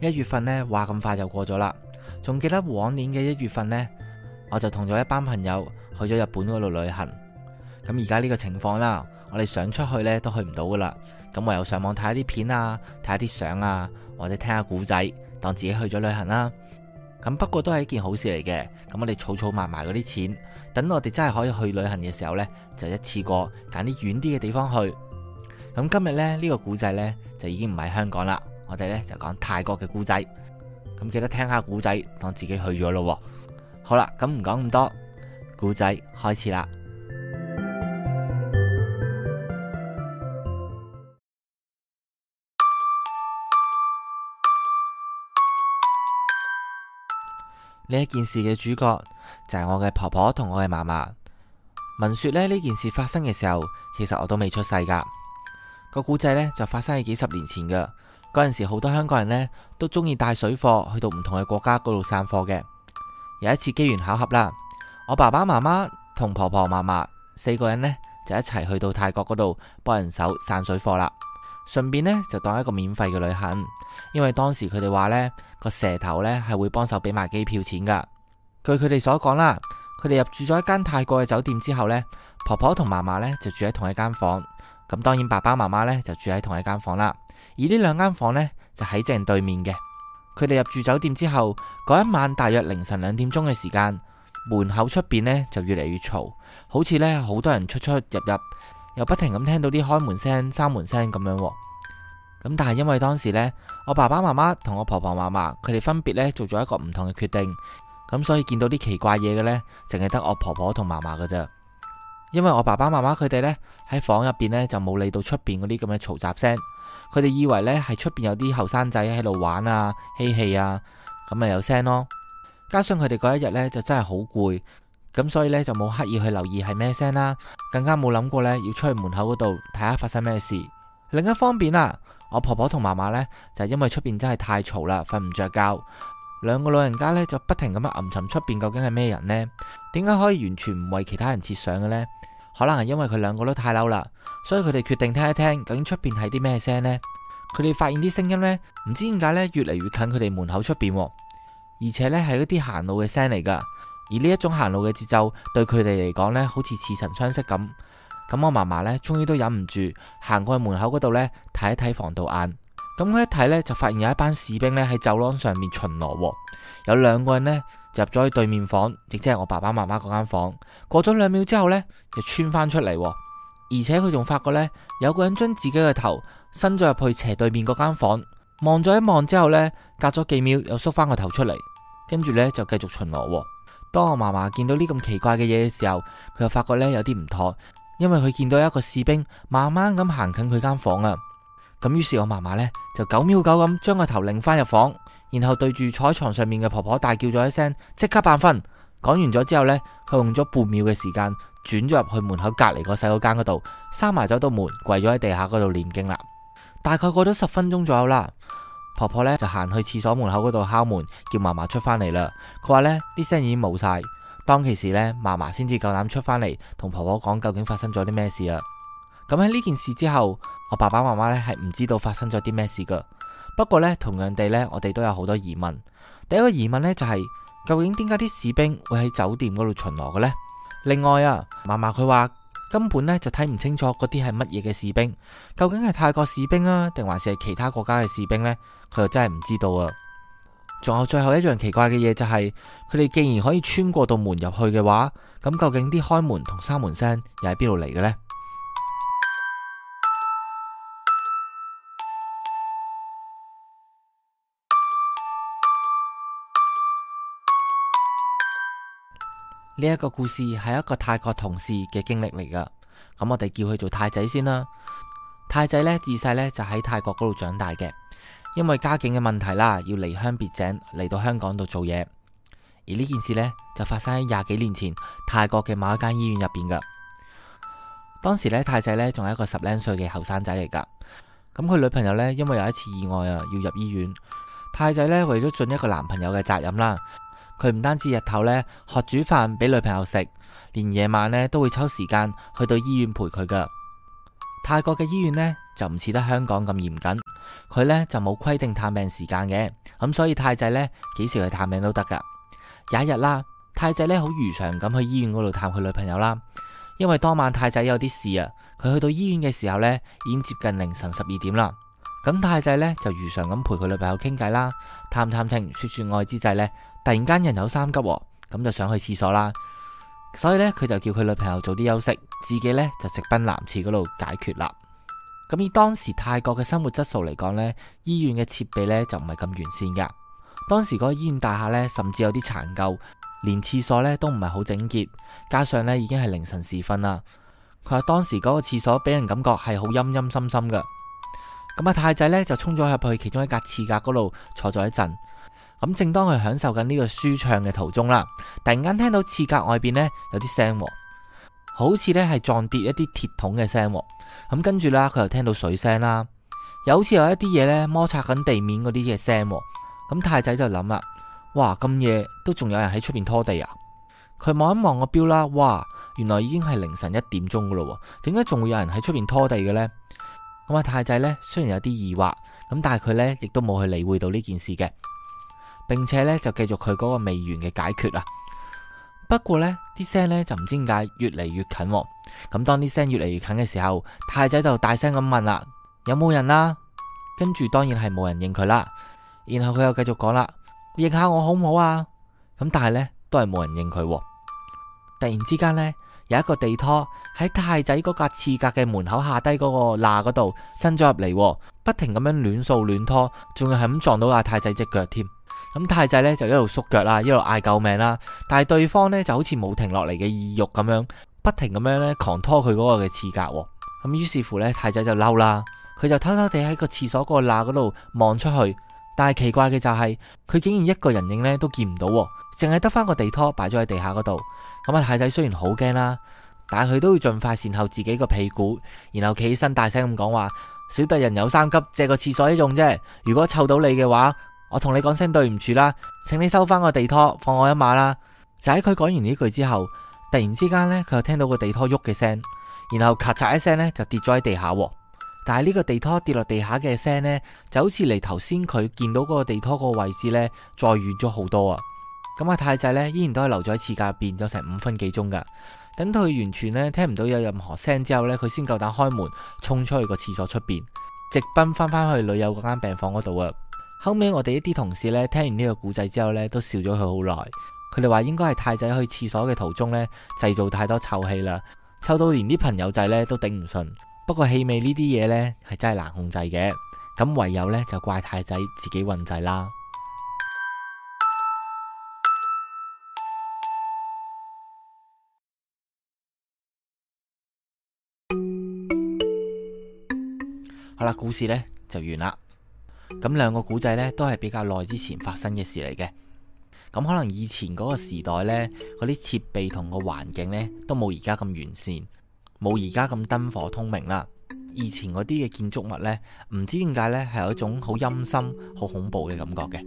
一月份呢話咁快就過咗啦，仲記得往年嘅一月份呢，我就同咗一班朋友去咗日本嗰度旅行。咁而家呢個情況啦，我哋想出去呢都去唔到噶啦。咁唯有上網睇下啲片啊，睇下啲相啊，或者聽下古仔，當自己去咗旅行啦。咁不過都係一件好事嚟嘅。咁我哋儲儲埋埋嗰啲錢，等我哋真係可以去旅行嘅時候呢，就一次過揀啲遠啲嘅地方去。咁今日呢，呢、呢個古仔呢，就已經唔喺香港啦。我哋呢就講泰國嘅古仔，咁記得聽下古仔，當自己去咗咯。好啦，咁唔講咁多，古仔開始啦。呢 一件事嘅主角就係我嘅婆婆同我嘅媽媽。聞說咧呢件事發生嘅時候，其實我都未出世噶。個古仔呢就發生喺幾十年前噶。嗰陣時，好多香港人呢都中意帶水貨去到唔同嘅國家嗰度散貨嘅。有一次機緣巧合啦，我爸爸媽媽同婆婆媽媽四個人呢就一齊去到泰國嗰度幫人手散水貨啦，順便呢就當一個免費嘅旅行。因為當時佢哋話呢個蛇頭呢係會幫手俾埋機票錢噶。據佢哋所講啦，佢哋入住咗一間泰國嘅酒店之後呢，婆婆同媽媽呢就住喺同一間房，咁當然爸爸媽媽呢就住喺同一間房啦。而呢兩間房呢，就喺正對面嘅。佢哋入住酒店之後嗰一晚，大約凌晨兩點鐘嘅時間，門口出邊呢就越嚟越嘈，好似呢好多人出出入入，又不停咁聽到啲開門聲、閂門聲咁樣。咁但係因為當時呢，我爸爸媽媽同我婆婆媽媽佢哋分別呢做咗一個唔同嘅決定，咁所以見到啲奇怪嘢嘅呢，淨係得我婆婆同媽媽㗎咋。因為我爸爸媽媽佢哋呢喺房入邊呢，就冇理到出邊嗰啲咁嘅嘈雜聲。佢哋以為呢係出邊有啲後生仔喺度玩啊、嬉戲啊，咁咪有聲咯。加上佢哋嗰一日呢就真係好攰，咁所以呢就冇刻意去留意係咩聲啦，更加冇諗過呢要出去門口嗰度睇下發生咩事。另一方面啦，我婆婆同媽媽呢就因為出邊真係太嘈啦，瞓唔着覺，兩個老人家呢就不停咁樣吟尋，出邊究竟係咩人呢？點解可以完全唔為其他人設想嘅呢？可能係因為佢兩個都太嬲啦，所以佢哋決定聽一聽究竟出邊係啲咩聲呢？佢哋發現啲聲音呢，唔知點解呢，越嚟越近佢哋門口出邊，而且呢係嗰啲行路嘅聲嚟㗎，而呢一種行路嘅節奏對佢哋嚟講呢，好似似曾相識咁。咁我嫲嫲呢，終於都忍唔住行過去門口嗰度呢，睇一睇防盜眼。咁佢一睇呢，就發現有一班士兵呢喺走廊上面巡邏喎。有兩個人呢入咗去對面房，亦即係我爸爸媽媽嗰間房。過咗兩秒之後呢，就穿翻出嚟喎。而且佢仲發覺呢，有個人將自己嘅頭伸咗入去斜對面嗰間房望咗一望之後呢，隔咗幾秒又縮翻個頭出嚟，跟住呢，就繼續巡邏喎。當我嫲嫲見到呢咁奇怪嘅嘢嘅時候，佢就發覺呢有啲唔妥，因為佢見到一個士兵慢慢咁行近佢間房啊。咁於是我嫲嫲呢，就九秒九咁將個頭擰返入房，然後對住坐床上面嘅婆婆大叫咗一聲，即刻扮瞓。講完咗之後呢，佢用咗半秒嘅時間轉咗入去門口隔籬個洗手間嗰度，閂埋咗一道門，跪咗喺地下嗰度念經啦。大概過咗十分鐘左右啦，婆婆呢就行去廁所門口嗰度敲門，叫嫲嫲出返嚟啦。佢話呢，啲聲已經冇晒。當其時呢，嫲嫲先至夠膽出返嚟，同婆婆講究竟發生咗啲咩事啊！咁喺呢件事之後，我爸爸媽媽呢係唔知道發生咗啲咩事噶。不過呢，同樣地呢，我哋都有好多疑問。第一個疑問呢，就是，就係究竟點解啲士兵會喺酒店嗰度巡邏嘅呢？另外啊，嫲嫲佢話根本呢就睇唔清楚嗰啲係乜嘢嘅士兵，究竟係泰國士兵啊，定還是係其他國家嘅士兵呢？佢又真係唔知道啊。仲有最後一樣奇怪嘅嘢就係佢哋既然可以穿過道門入去嘅話，咁究竟啲開門同閂門聲又喺邊度嚟嘅呢？呢一個故事係一個泰國同事嘅經歷嚟噶咁我哋叫佢做泰仔先啦。泰仔呢自細呢就喺泰國嗰度長大嘅，因為家境嘅問題啦，要離鄉別井嚟到香港度做嘢。而呢件事呢，就發生喺廿幾年前泰國嘅某一間醫院入邊噶。當時呢，泰仔呢仲係一個十零歲嘅後生仔嚟噶咁佢女朋友呢，因為有一次意外啊要入醫院，泰仔呢，為咗盡一個男朋友嘅責任啦。佢唔單止日頭呢學煮飯俾女朋友食，連夜晚呢都會抽時間去到醫院陪佢噶。泰國嘅醫院呢就唔似得香港咁嚴謹，佢呢就冇規定探病時間嘅，咁所以泰仔呢幾時去探病都得噶。有一日啦，泰仔呢好如常咁去醫院嗰度探佢女朋友啦。因為當晚泰仔有啲事啊，佢去到醫院嘅時候呢已經接近凌晨十二點啦。咁泰仔呢就如常咁陪佢女朋友傾偈啦，談談情說說愛之際呢。突然間人有三急，咁就想去廁所啦，所以呢，佢就叫佢女朋友早啲休息，自己呢就直奔男廁嗰度解決啦。咁以當時泰國嘅生活質素嚟講呢，醫院嘅設備呢就唔係咁完善噶。當時嗰個醫院大廈呢，甚至有啲殘舊，連廁所呢都唔係好整潔，加上呢已經係凌晨時分啦。佢話當時嗰個廁所俾人感覺係好陰陰森森噶。咁阿泰仔呢，就衝咗入去其中一格廁格嗰度坐咗一陣。咁，正當佢享受緊呢個舒暢嘅途中啦，突然間聽到廁格外邊呢有啲聲，好似呢係撞跌一啲鐵桶嘅聲。咁跟住啦，佢又聽到水聲啦，又好似有一啲嘢呢摩擦緊地面嗰啲嘅聲。咁泰仔就諗啦，哇，咁夜都仲有人喺出邊拖地啊！佢望一望個錶啦，哇，原來已經係凌晨一點鐘噶啦。點解仲會有人喺出邊拖地嘅呢？咁啊，泰仔呢雖然有啲疑惑，咁但係佢呢亦都冇去理會到呢件事嘅。並且咧就繼續佢嗰個未完嘅解決啊。不過呢啲聲呢，就唔知點解越嚟越近、哦。咁當啲聲越嚟越近嘅時候，太仔就大聲咁問啦：有冇人啦、啊？跟住當然係冇人應佢啦。然後佢又繼續講啦：應下我好唔好啊？咁但係呢，都係冇人應佢、哦。突然之間呢，有一個地拖喺太仔嗰架廁格嘅門口下低嗰個罅嗰度伸咗入嚟，不停咁樣亂掃亂拖，仲要係咁撞到阿太仔隻腳添。咁太仔咧就一路縮腳啦，一路嗌救命啦。但係對方咧就好似冇停落嚟嘅意欲咁樣，不停咁樣咧狂拖佢嗰個嘅廁格。咁於是乎咧，太仔就嬲啦。佢就偷偷地喺個廁所個罅嗰度望出去，但係奇怪嘅就係、是、佢竟然一個人影咧都見唔到，淨係得翻個地拖擺咗喺地下嗰度。咁啊，太仔雖然好驚啦，但係佢都要盡快善後自己個屁股，然後企起身大聲咁講話：小弟人有三急，借個廁所一用啫。如果臭到你嘅話。我同你講聲對唔住啦，請你收翻個地拖，放我一馬啦。就喺佢講完呢句之後，突然之間呢，佢又聽到個地拖喐嘅聲，然後咔嚓一聲呢，就跌咗喺地下。但係呢個地拖跌落地下嘅聲呢，就好似離頭先佢見到嗰個地拖個位置呢，再遠咗好多啊。咁阿太仔呢，依然都係留咗喺廁格入邊咗成五分幾鐘噶。等到佢完全呢，聽唔到有任何聲之後呢，佢先夠膽開門衝出去個廁所出邊，直奔返返去女友嗰間病房嗰度啊。後尾我哋一啲同事咧聽完呢個故仔之後咧都笑咗佢好耐，佢哋話應該係太仔去廁所嘅途中咧製造太多臭氣啦，臭到連啲朋友仔咧都頂唔順。不過氣味呢啲嘢咧係真係難控制嘅，咁唯有咧就怪太仔自己運滯啦。 好啦，故事呢就完啦。咁兩個古仔呢，都係比較耐之前發生嘅事嚟嘅。咁可能以前嗰個時代呢，嗰啲設備同個環境呢，都冇而家咁完善，冇而家咁燈火通明啦。以前嗰啲嘅建築物呢，唔知點解呢，係有一種好陰森、好恐怖嘅感覺嘅。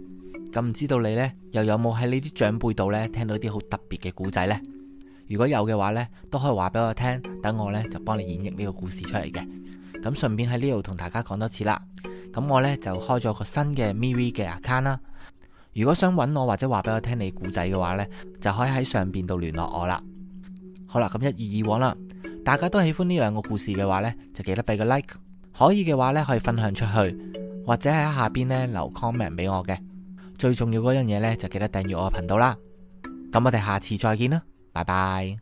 咁唔知道你呢，又有冇喺呢啲長輩度呢，聽到啲好特別嘅古仔呢？如果有嘅話呢，都可以話俾我聽，等我呢，就幫你演繹呢個故事出嚟嘅。咁順便喺呢度同大家講多次啦。咁我呢，就開咗個新嘅 MeWe 嘅 account 啦。如果想揾我或者話俾我聽你古仔嘅話呢，就可以喺上邊度聯絡我啦。好啦，咁一如以往啦，大家都喜歡呢兩個故事嘅話呢，就記得俾個 like。可以嘅話呢，可以分享出去，或者喺下邊呢留 comment 俾我嘅。最重要嗰樣嘢呢，就記得訂閱我嘅頻道啦。咁我哋下次再見啦，拜拜。